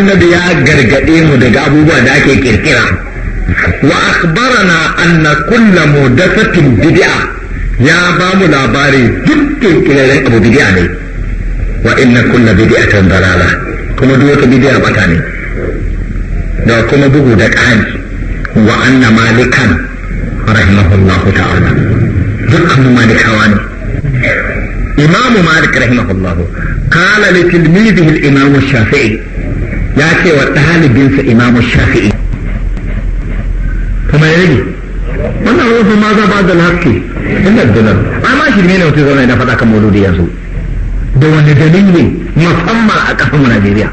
annabi ya gargaɗe mu daga abubuwa da ake kirkira wa akhbarana anna kullu mudathatin bid'a ya ba mu labari duk kirkiraren abu bid'a ne wa inna kullu bid'atin dalala kuma duk wata bid'a bata ne da kuma bugu da ƙani wa anna malikan rahimahullahu ta'ala dukkan malikawa ne imamu malik rahimahullahu qala li tilmidihi al-imam shafi'i ya ce wa ɗalibinsa imam shafi'i kuma ya rage wannan rufin ma za ba da lafi inda dunar amma shi ne wata zaune na faɗa kan da yanzu da wani ne musamman a ƙasarmu najeriya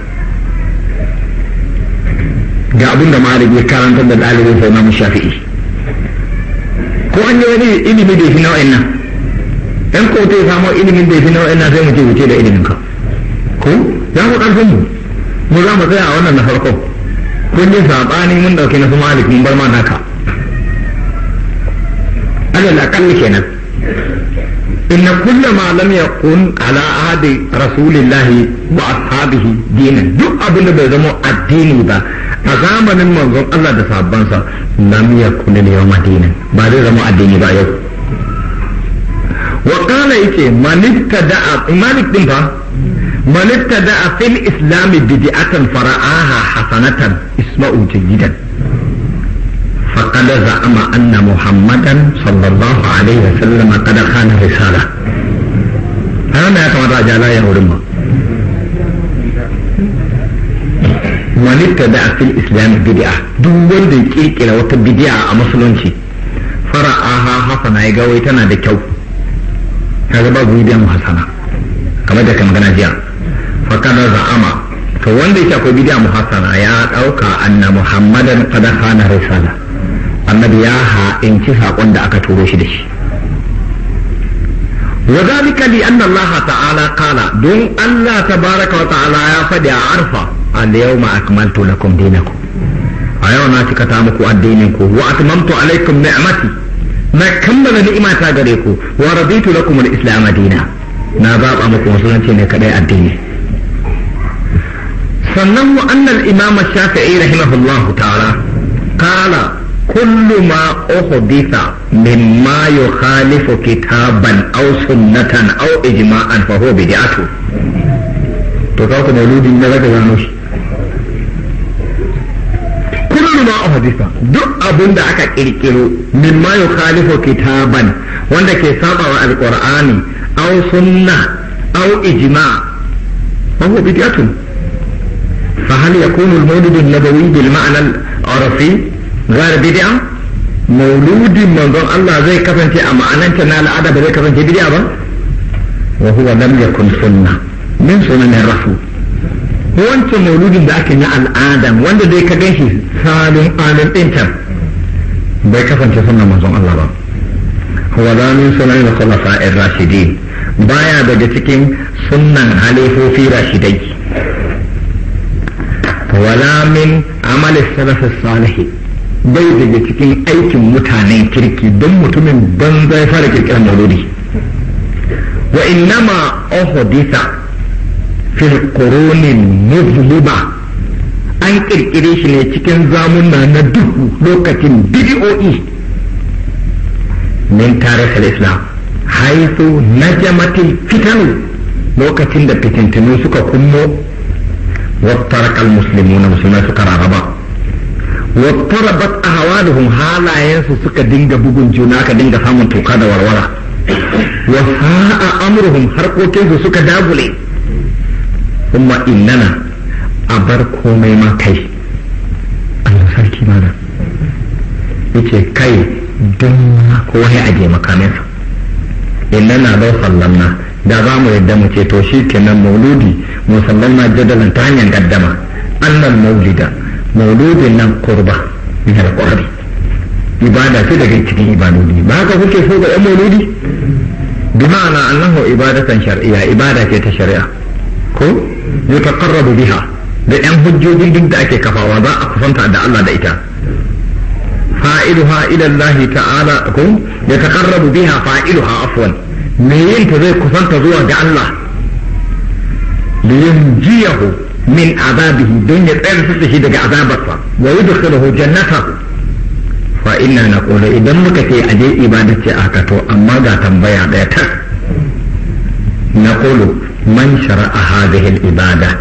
ga abin da malik ya karanta da ɗalibinsa Imam shafi'i ko an yi wani ilimi da fi nau'in nan ɗan ko ta samu ilimin da fi nau'in nan sai mu ce wuce da ilimin ka ko za mu ƙarfin mu mu za mu tsaya a wannan na farko kun yi saɓani mun ɗauki na su malik mun bar ma naka alal aƙalli kenan inna kulle ma lam yakun ala ahadi rasulillahi wa ashabihi dinan duk abin da bai zama addini ba a zamanin manzon Allah da sabbansa lam yakun ne yawma dinan ba zai zama addini ba yau wa kana yake man da malik din ba man ibtada'a fil islam bid'atan fara'aha hasanatan isma'u jayyidan فقد زعم أن محمدا صلى الله عليه وسلم قد خان رسالة هذا ما يتمرى جالا يا ورمه man ibtada fil islam bid'a duk wanda ya kirkira wata bid'a a musulunci fara'aha hasana ya wai tana da kyau kaga babu bid'a hasana da kan magana jiya فقد زعم to wanda yake akwai bidiya muhassana ya dauka anna muhammadan qad khana risala annabi ya ha in ci sakon da aka turo shi da shi wa dalika li anna allah ta'ala qala don allah tabaaraka wa ta'ala ya fadi a arfa al yawma akmaltu lakum dinakum a yau na cika muku addinin ku wa atmamtu alaikum ni'mati na kammala ni'ima gare ku wa raditu lakum al islam na zaba muku musulunci ne kadai addini sannan mu annal imam shafi'i rahimahullahu ta'ala kala kullu ma uhditha mimma yukhalifu kitaban aw sunnatan aw ijma'an fa huwa bid'atu to ka ku mauludi na zaka gano shi kullu ma uhditha duk abin da aka kirkiro mimma yukhalifu kitaban wanda ke saba wa alqur'ani aw sunna aw ijma' fa huwa bid'atu فهل يكون المولد النبوي بالمعنى العرفي غير بدعة مولود من ظن الله زي كفن تي أما أنا أنت نال عدب زي كفن تي بدعة وهو لم يكن سنة من سنن الرسول هو أنت مولود ذاك نال آدم وأنت زي كفن تي سالم آدم أنت bai kasance sunan manzon Allah ba huwa da min sunan al-khulafa ar-rashidin baya daga cikin sunnan halifofi rashidai wala min amali salaf salihi bai daga cikin aikin mutanen kirki don mutumin don zai fara kirkirar mauludi wa innama uhdisa fil firkoronin muzlima an kirkire shi ne cikin zamuna na duhu lokacin bidi'o'i min tarihin islam na jamatin fitanu lokacin da fitintinu suka kunno wattaraka almuslimuna musulmai suka raraba wattarabat ahwaluhum halayensu suka dinga bugun juna ka dinga samun toka da warwara wa sa'a amruhum harkokinsu suka dagule kuma innana a bar komai ma kai Allah sarki mana yace kai don kowa ya aje makaminsa innana bai sallamna da za mu yadda mu ce to shi kenan mauludi musamman jadalan ta hanyar gaddama annan maulida mauludin nan kurba min alqurbi ibada ce daga cikin ibadodi ba haka kuke so ga yan mauludi bi ma'ana annahu ibadatan shar'iyya ibada ce ta shari'a ko yutaqarrabu biha da yan hujjojin duk da ake kafawa za a kusanta da Allah da ita fa'iluha ila Allah ta'ala ko yataqarrabu biha fa'iluha afwan me yin ta zai kusanta zuwa ga Allah liyunjiyahu min azabihi don ya tsayar su shi daga azabarsa wa yi dukkanahu jannata fa ina na idan muka ce a je ibadace a kato amma ga tambaya daya ta na man shara a hadihin ibada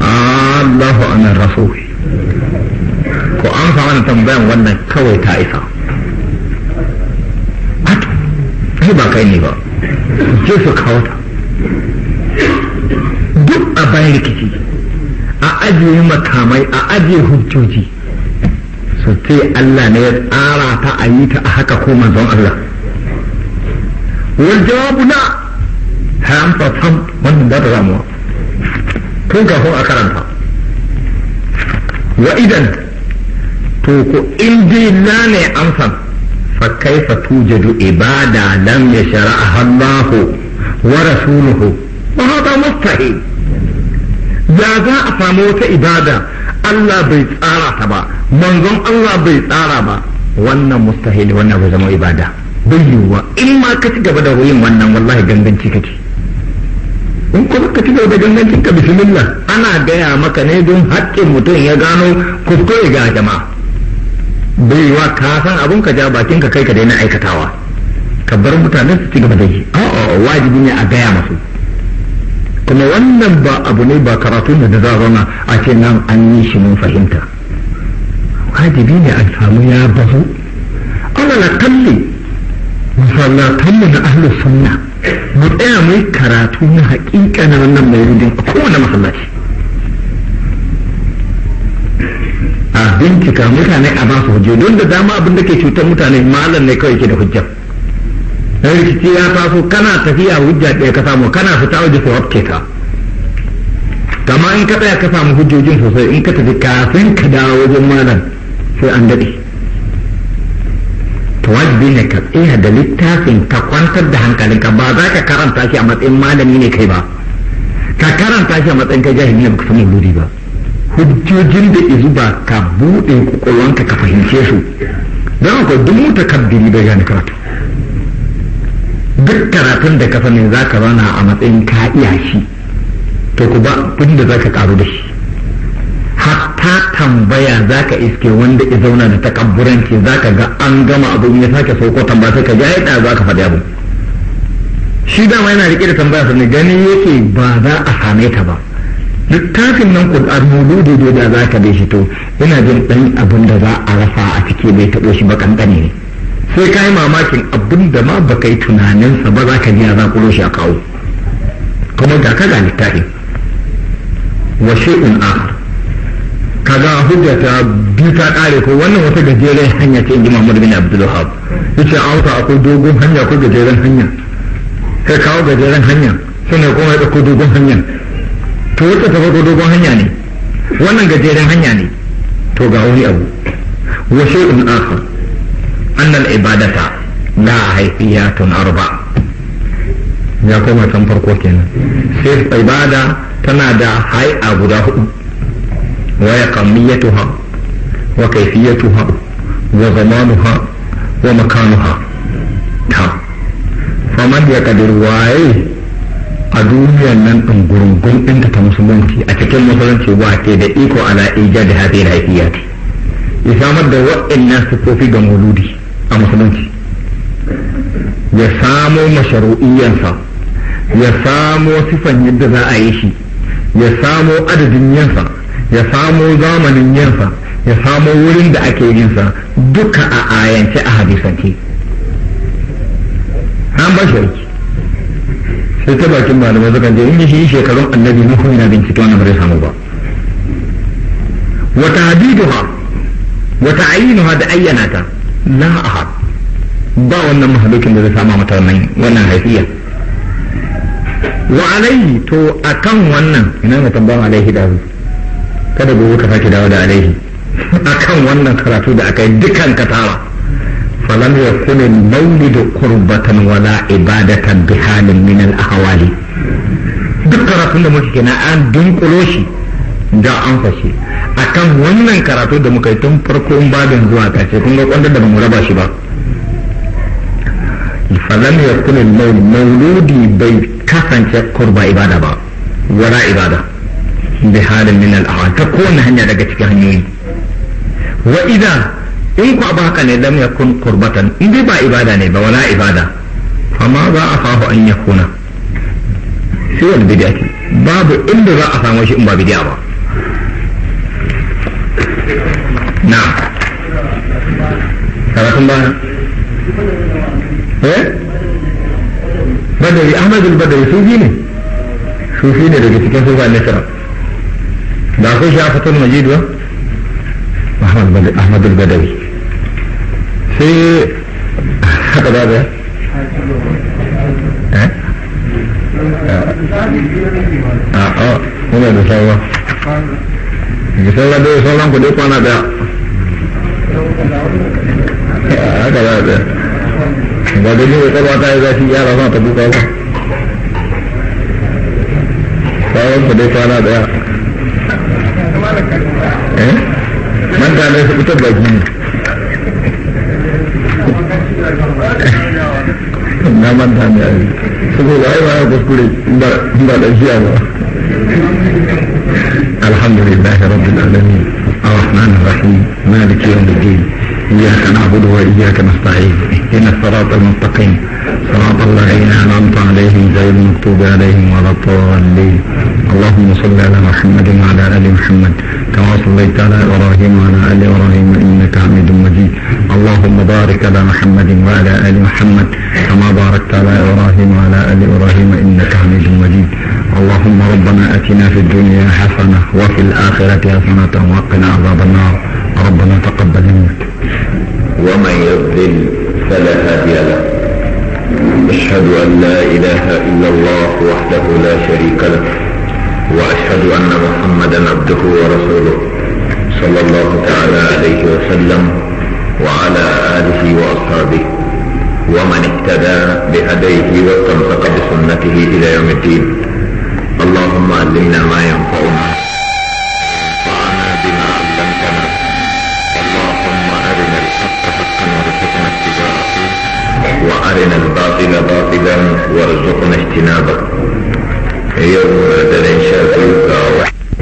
allahu anan rasu ko an fa wani tambayan wannan kawai ta isa ato ba kai duk a bayan rikici a ajiye makamai a ajiye hujjoji su ce Allah ne ya tsara ta a yi ta a haka ko manzon Allah wani jawabu na haramta sam wannan ba ta zamuwa tun kafin a karanta wa idan to ko in dai na ne amsan fa kaifa tujadu ibada lam yashra'aha Allah wa rasuluhu wa hada mustahil ya za a samu wata ibada Allah bai tsara ta ba manzon Allah bai tsara ba wannan mustahili wannan bai zama ibada bai yiwuwa in ma ka ci gaba da yin wannan wallahi ganganci kake in kuma ka ci gaba da gangancin ka bismillah ana gaya maka ne don haƙƙin mutum ya gano kuskure ga jama'a bai yiwuwa ka san abun ka ja bakin ka kai ka daina aikatawa ka bar mutane su ci gaba da yi a'a wajibi ne a gaya masu kuma wannan ba abu ne ba karatu ne da za zauna a ce nan an yi shi mun fahimta wajibi ne an samu ya bazu alala kalli masallatanmu na ahlus sunna mu tsaya mu karatu na haƙiƙa na wannan mai rudin a kowane masallaci a bincika mutane a ba su hujjoji don da dama abin da ke cutar mutane malam ne kawai ke da hujjar rikici ya taso kana tafiya hujja ɗaya ka samu kana fita waje su hafke ka kama in ka tsaya ka samu hujjojin sosai in ka tafi kafin ka dawo wajen malam sai an daɗe ta wajibi ne ka tsaya da littafin ka kwantar da hankalinka ba za ka karanta shi a matsayin malami ne kai ba ka karanta shi a matsayin kai jahili ne baka san ba hujjojin da ba ka buɗe ƙwaƙwalwanka ka fahimce su don akwai duk mutakabbiri bai gane karatu duk karatun da kafa ne za ka rana a matsayin ka iya shi to ku ba kudi da za ka karu da shi hatta tambaya za ka iske wanda ya zauna da takabburanci za ka ga an gama abin ya sake sauko tambaya sai ka ji ai za ka faɗi abu shi dama yana rike da tambaya sannan gani yake ba za a same ka ba littafin nan ƙul'ar mulu da da za ka bai shi to yana jin ɗan abin da za a rasa a ciki bai taɓo shi ba ƙanƙani ne sai ka yi mamakin abin da ma baka yi tunaninsa ba za ka biya za ku shi a kawo kuma ga ka gani taɗin wa shi'un Ka ga hujja ta biyu ta ƙare ko wannan wata gajeren hanya ce in ji mamar bin ya ce an auta akwai dogon hanya ko gajeren hanya kai kawo gajeren hanya suna kuma ya ɗauko dogon hanya to wata ta farko dogon hanya ne wannan gajeren hanya ne to ga wani abu wa shay'un akhar annan ibadata la haifiyatun arba ya koma can farko kenan sai ibada tana da hai'a guda hudu wa yaqamiyatuha wa kaifiyatuha wa zamanuha wa makanuha ta faman ya kadir waye a duniya nan ɗin gurungun ɗinta ta musulunci a cikin musulunci ba ke da iko ala ijad hadhihi al-hayfiyat ya samar da wa'annan sifofi ga mauludi a musulunci ya samo masharu'iyyansa ya samo sifan yadda za a yi shi ya samo adadin yansa ya samo zamanin yansa ya samo wurin da ake yinsa duka a ayance a hadisance an ba shi sai ta bakin malamai sukan je in shi shekarun annabi nuhu yana bincike wannan bai samu ba wata hadiduha wata ayinuha da ayyana ta la ahad ba wannan mahalukin da zai sama mata wannan wannan haifiya wa alaihi to akan wannan ina mutum ba alaihi da kada gobe ka sake dawo da alaihi akan wannan karatu da aka yi dukan ka tara falam yakun mauli da kurbatan wala ibadatan bihalin min al-ahwali duk karatun da muke kenan an dunkulo shi da an fashe akan wannan karatu da muka yi tun farko farkon babin zuwa kace kun ga kwanda da mu raba shi ba falan yakun mauludi bai kasance kurba ibada ba wara ibada bi halin min al ta kowane hanya daga cikin hanyoyi wa idan in ku ba haka ne lam yakun kurbatan in dai ba ibada ne ba wala ibada amma za a fahu an yakuna sai wani bid'a babu inda za a samu shi in ba bid'a ba Nah. Salah sembah. Eh? Badai Ahmad al Badawi sufi ini. Sufi ini daga cikin sufan Nisra. Daku siapa tuh Majid ba? Ah? Ahmad al-Badawi. Sai apa ba ya? Eh? Ah oh, da sauwa. Daga sauwa dai sauran ku dai kwana daya. haka za a tsaya ba da jiwa ta yi yara ma ta buka ba tsawon ku dai kwana daya eh manta ne su fitar baki ne na manta ne a yi saboda ai ba ya kuskure ba ba alhamdulillah rabbil alamin الرحمن الرحيم مالك يوم الدين إياك نعبد وإياك نستعين اهدنا الصراط المستقيم صراط الذين أنعمت عليهم غير المكتوب عليهم ولا الضالين اللهم صل على محمد وعلى ال محمد كما صليت على ابراهيم وعلى ال ابراهيم انك حميد مجيد اللهم بارك على محمد وعلى ال محمد كما باركت على ابراهيم وعلى ال ابراهيم انك حميد مجيد اللهم ربنا اتنا في الدنيا حسنه وفي الاخره حسنه وقنا عذاب النار ربنا تقبل منك ومن يضلل فلا هادي له أشهد أن لا إله إلا الله وحده لا شريك له وأشهد أن محمدا عبده ورسوله صلى الله تعالى عليه وسلم وعلى آله وأصحابه ومن اهتدى بهديه واستمسك بسنته إلى يوم الدين اللهم علمنا ما ينفعنا وانفعنا بما علمتنا اللهم أرنا الحق حقا وارزقنا اتباعه وأرنا الباطل باطلا وارزقنا اجتنابه yau da daren sha biyu ga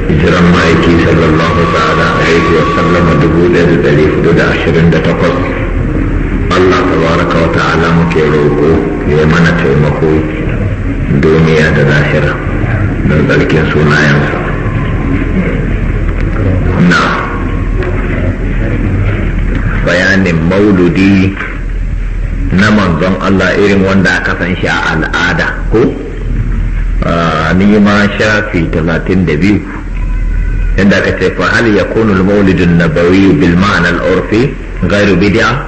hijiran ma'aiki sallallahu ta'ala alaihi wa sallama dubu ɗaya da ɗari hudu da ashirin da takwas Allah tabaraka wa ta'ala muke roƙo ya mana taimako duniya da lahira don tsarkin sunayensa na bayanin mauludi na manzon Allah irin wanda aka san shi a al'ada ko? nima shafi talatin da biyu inda aka ce fa hal ya kunu maulidin nabawi bil ma'anar urfi gairu bid'a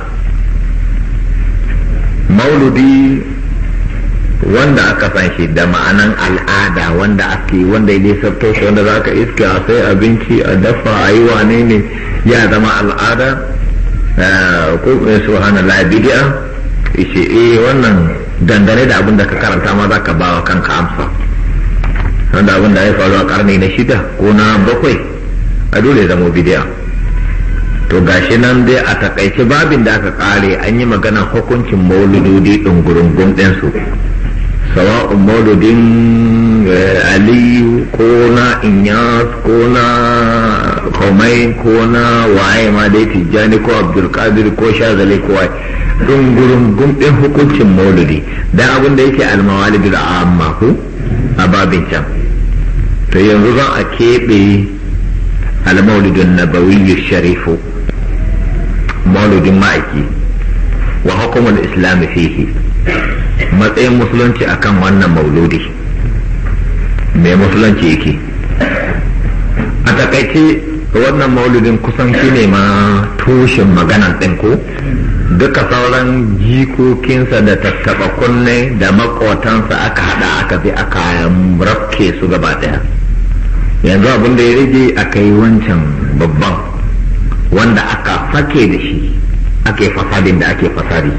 mauludi wanda aka san shi da ma'anan al'ada wanda ake wanda ya sabto shi wanda za ka a sai abinci a dafa a yi wane ne ya zama al'ada eh, ko subhanallah bid'a shi eh wannan dangane da abin da ka karanta ma za ka ba kanka amsa wanda abin da ya faru a karni na shida ko na bakwai a dole zama bidiya to gashi nan dai a takaice babin da aka kare an yi magana hukuncin mauludodi ɗungurungun ɗinsu sawa'un mauludin eh, aliyu ko na inyas ko na komai ko na waye ma dai tijjani ko abdulkadir ko shazali ko waye ɗungurungun ɗin hukuncin mauludi dan abin da yake almawalidul amma ko a babin can to yanzu za a keɓe almaulidin nabawiyyu sharifu maulidin ma'aiki wa hukumul islami fihi matsayin musulunci akan wannan mauludi mai musulunci yake a takaice wannan maulidin kusan shi ne ma tushen maganan ɗin ko duka sauran jikokinsa da tattaba kunne da makotansa aka hada aka bi aka rafke su gaba daya yanzu abin da ya rage aka yi wancan babban wanda aka fake da shi ake fasadin da ake fasadi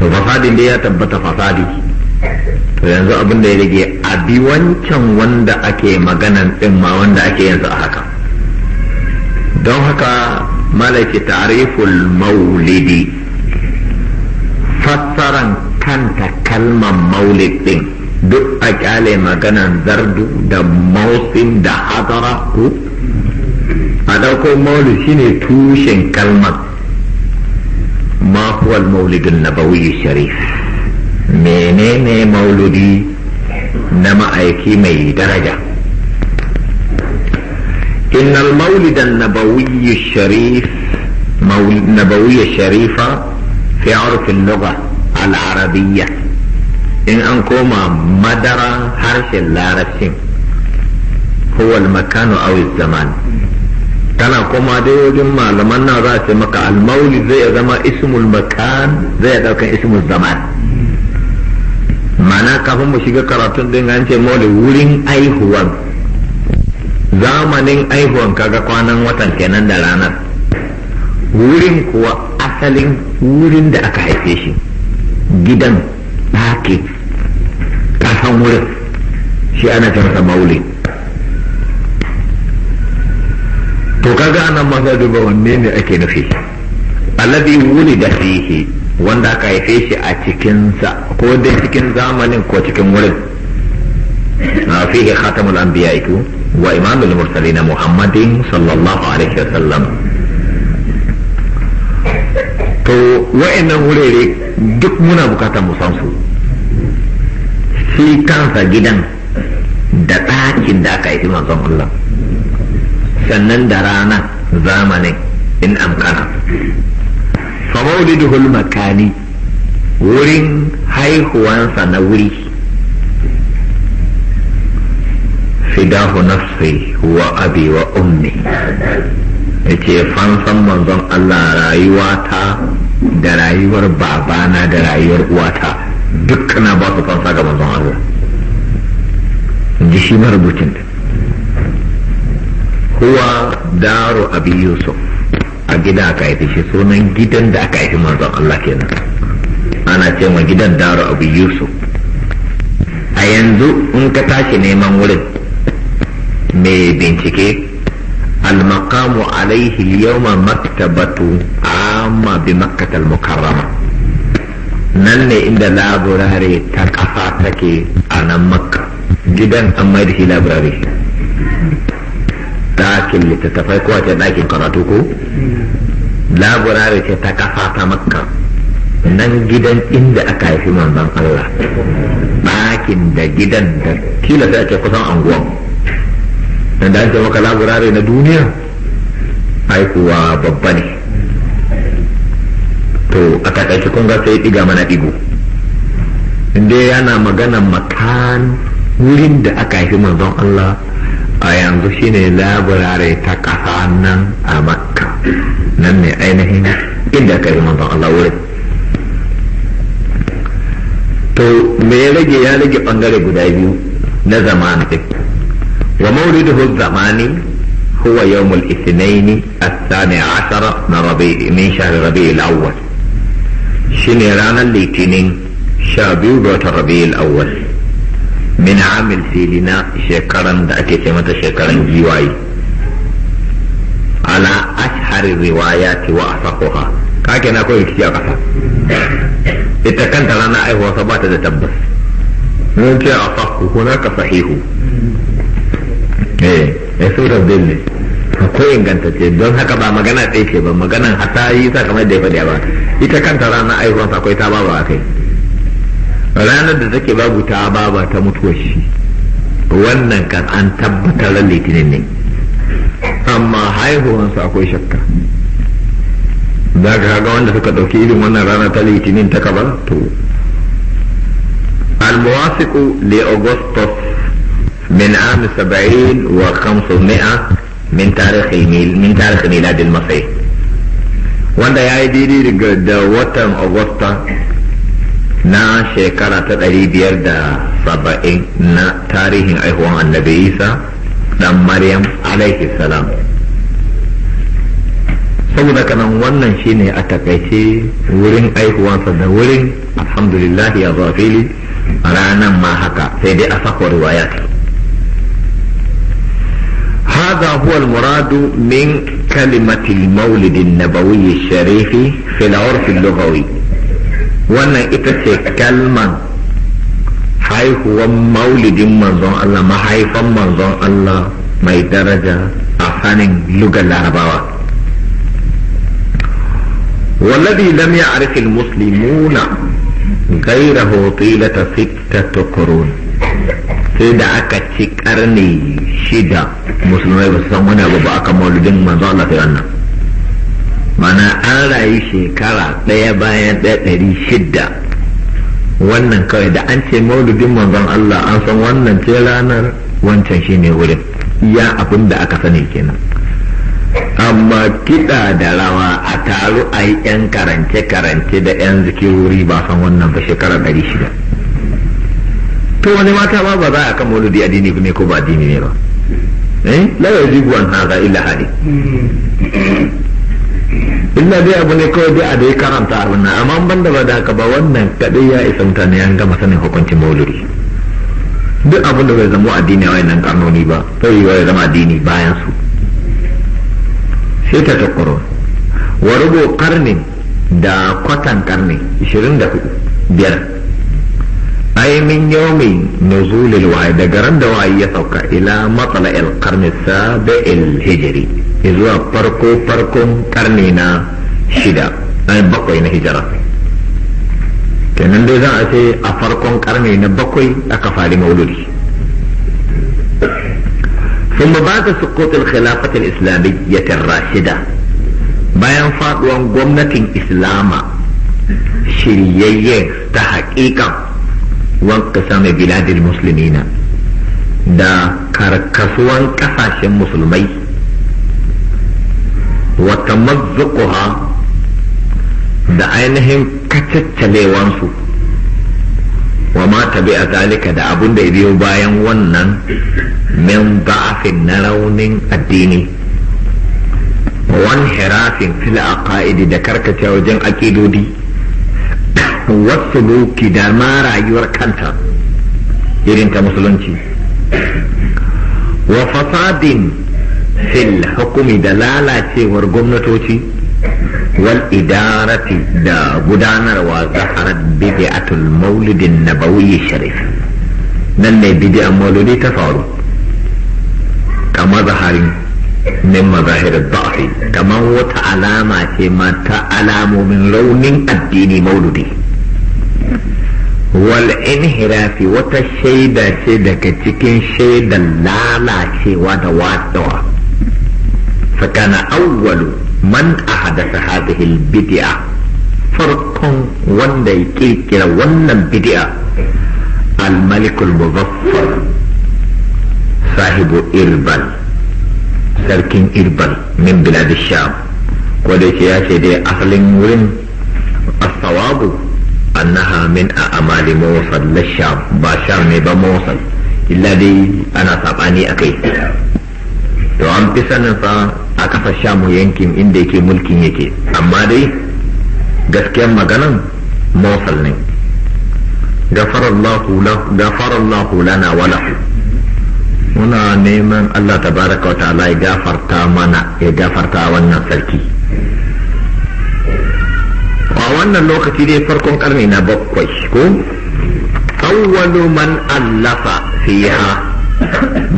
to fasadin da ya tabbata fasadi to yanzu abin da ya rage a bi wancan wanda ake magana din ma wanda ake yanzu a haka don haka malaki ta'riful maulidi fassaran kanta kalmar maulid din duk a kyale maganan zardu da mausin da hadara ku a ɗauko maulid shine tushen kalmar ma maulidin na maulidun sharif menene mauludi na ma'aiki mai daraja المولد النبوي الشريف مولد nabawiyyu الشريفة fi arfin lugha al'arabiyya in an koma madara harshen larabcin huwa makanu aw zaman tana koma da wajen malaman nan za ce maka almaulid zai zama ismul makan zai daukan ismul zaman mana kafin mu shiga karatun din an ce maulid wurin aihuwan zamanin aihuwan kaga kwanan watan kenan da ranar wurin kuwa asalin wurin da aka haife shi gidan ɗaki kasan wurin shi ana tarsa maule to kaga anan masa duba wanne ne ake nufi alladhi wulida fihi wanda aka haife shi a cikin sa ko dai cikin zamanin ko cikin wurin fihi khatamul anbiya'i wa imamul mursalin muhammadin sallallahu alaihi wasallam to wa'annan wurare duk muna bukatar mu samu su shi kansa gidan da ɗakin da aka yi manzon Allah sannan da rana zamanin in amkana duhul makani wurin haihuwansa na wuri fidahu nafsi wa abi wa ummi ya ce fansan manzon Allah rayuwa ta da rayuwar babana da rayuwar uwata dukkana ba su fansa ga manzon Allah ji shi marubucin huwa daro abi yusuf a gida aka haifi shi sunan gidan da aka haifi manzon Allah kenan ana ce ma gidan daro abu yusuf a yanzu in ka tashi neman wurin mai bincike Al almakamu alaihi yawma maktabatu a amma bi makkatal mukarrama nan ne inda laburare ta kafa take a nan makka gidan an mai da shi laburare dakin littattafai ko ce dakin karatu ko laburare ce ta kafa ta makka nan gidan inda aka haifi manzon Allah ɗakin da gidan da kila sai ake kusan anguwan dan da ake maka laburare na duniya ai kuwa babba ne to a takaice kun ga sai diga mana digo inda yana magana makan wurin da aka haifi manzon Allah a yanzu shine laburare ta kasa nan a makka nan ne ainihin inda aka haifi manzon Allah wurin to me ya rage ya rage bangare guda biyu na zamani din wa mawlidu zamani huwa yawmul ithnaini الثاني عشر من ربيع من شهر ربيع ne ranar litinin sha biyu ga wata rabiyar awal min amil na shekaran da ake ce mata shekaran giwaye ala riwaya riwayati wa asaquha kake na kawai kici a kasa ita kanta rana aihuwa sa bata da tabbas mun ce a ko na ka sahihu eh eh sura dinne akwai ingantacce don haka ba magana ɗaya ce ba maganan hata yi sakamai da ya faɗi a ita kanta ranar aihuwansa akwai ta baba a kai ranar da take babu ta baba ta mutuwar shi wannan kan an tabbatar da litinin ne amma sa akwai shakka za ka ga wanda suka ɗauki irin wannan rana ta litinin ta kaba to الموافق لأغسطس augustus min سبعين وخمسمائة wa تاريخ mi'a min min wanda ya yi daidai da watan agusta na shekara ta ɗari biyar da saba'in na tarihin aihuwan annabi isa dan maryam alaihi salam saboda kanan wannan shine a takaice wurin aihuwansa da wurin alhamdulillah ya zafili fili ranar ma haka sai dai a sako ta. هذا هو المراد من كلمة المولد النبوي الشريف في العرف اللغوي وانا اتسي كلمة هاي هو مولد منظر الله ما هايفا منظر الله ما درجة أفان لغة العربوة والذي لم يعرف المسلمون غيره طيلة ستة قرون sai da aka ci karni shida musulmai ba su san wani abu ba aka mauludin manzo Allah ta wannan mana an rayu shekara ɗaya bayan ɗaya ɗari shida wannan kawai da an ce maulidin manzon Allah an san wannan ce ranar wancan shi ne wurin ya abin da aka sani kenan amma kiɗa da rawa a taru a yi 'yan karance-karance da 'yan zikirori ba san wannan ba shekara ɗari shida to wani mata ma ba za a kan mauludi addini ne ko ba addini ne ba eh la yajibu an haza illa hadi illa dai abu ne kawai dai a dai karanta abin nan amma ban da ba da haka ba wannan kadai ya isa mutane an gama sanin hukuncin mauludi duk abin da bai zama addini a wannan karnoni ba sai ya zama addini bayan su sai ta takoro wa rubo karnin da kwatan karni 24 biyar ai min yawmi nuzulil wahayi daga ran da wahayi ya sauka ila matsala alqarni sabi'il hijri zuwa farko farkon karni na shida ai bakwai na hijira kenan dai za a ce a farkon karni na bakwai aka fari mauludi ثم بعد سقوط الخلافة الإسلامية الراشدة bayan faɗuwan gwamnatin islama shiryayye ta haƙiƙa musulmi na da karkasuwan ƙasashen musulmai wata وتمزقها da ainihin kacaccalewansu wa ma bi a zalika da abun da ya biyo bayan wannan min ba'afin na raunin addini wan hirafin a aqaidi da karkace wajen aƙidodi wasu luki da ma rayuwar kanta irin ta musulunci wa fasadin fil hukumi da lalacewar gwamnatoci wal idarati da gudanarwa zaharar bid'atul maulidin nabawi sharif nan ne bid'a maulidi ta faru kama zaharin min mazahirar ba'fi kamar wata alama ce ta alamomin raunin addini mauludi والانحراف وتشيد شيدا كتكين شيدا لا لا شيء شيدا فكان أول من أحدث هذه البدعة فرق واندي كيكرا وانا البدعة الملك المظفر صاحب إربل سركين إربل من بلاد الشام وليس يا سيدي أهل الصواب أنها من أعمال موصل للشام باشام نبا موصل إلا دي أنا صابعني أكي وعن a أكفى الشام ينكم إن ديكي ملكي يكي أما دي gaskiya maganan mawasal ne gafarallahu lana wa lahu muna neman Allah tabaraka wa ta'ala ya gafarta mana ya gafarta wannan sarki a wannan lokaci dai farkon karni na bakwai ko awwalu man allafa fiha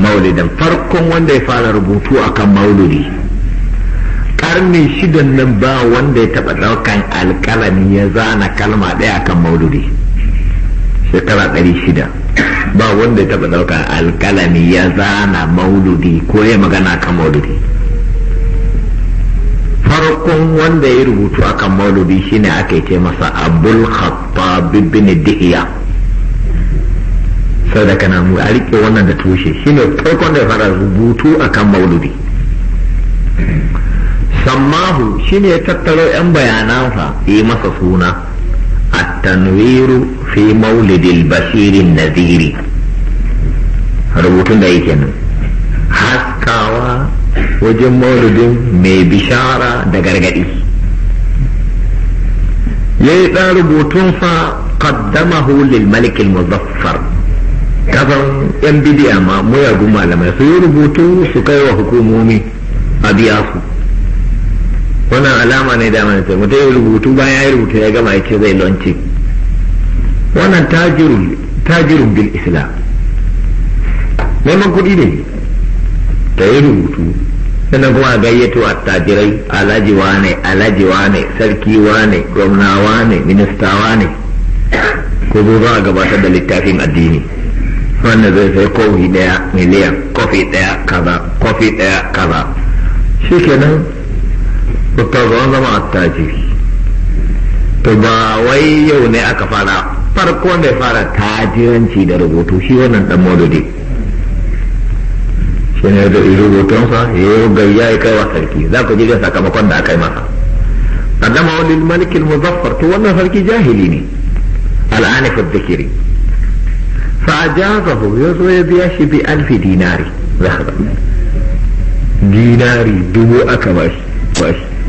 maulidan farkon wanda ya fara rubutu akan maulidi karni shidan nan ba wanda ya taba daukan alkalami ya zana kalma daya akan maulidi shekara ɗari shida ba wanda ya taba daukan alkalami ya zana maulidi ko ya magana kan maulidi farkon wanda ya rubutu akan mauludi shine ake ce masa abul khattab bin dihiya sai da kana mu a rike wannan da tushe shine farkon da fara rubutu akan mauludi sammahu shine ya tattaro yan bayanansa yi masa suna at-tanwiru fi maulidil basirin naziri rubutun da yake nan wajen mauludin mai bishara da gargadi ya yi ɗan rubutunsa qaddamahu lil malik muzaffar kasan yan bidiya ma muyagun malamai su yi rubutu su kai wa hukumomi a biya su wannan alama ne da mana mutum ya rubutu bayan ya rubutu ya gama ya ce zai lonce wannan tajirin bil islam neman kuɗi ne ta yi rubutu sannan kuma a gayyato attajirai alhaji wane alhaji wane sarki wane gwamna wane minista wane ko zo za a gabatar da littafin addini wanda zai sai kofi daya miliyan kofi daya kaza kofi daya kaza shi kenan doktor zuwan zama attajiri to ba wai yau ne aka fara farko da fara tajiranci da rubutu shi wannan dan mauludi shi da rubutunsa ya yi gayya ya kai wa sarki za ku ji da sakamakon da aka yi masa kaddama wani malikin muzaffar to wannan sarki jahili ne al'anifar zikiri fa'ajazahu ya zo ya biya shi bi alfi dinari za dinari dubu aka bashi bashi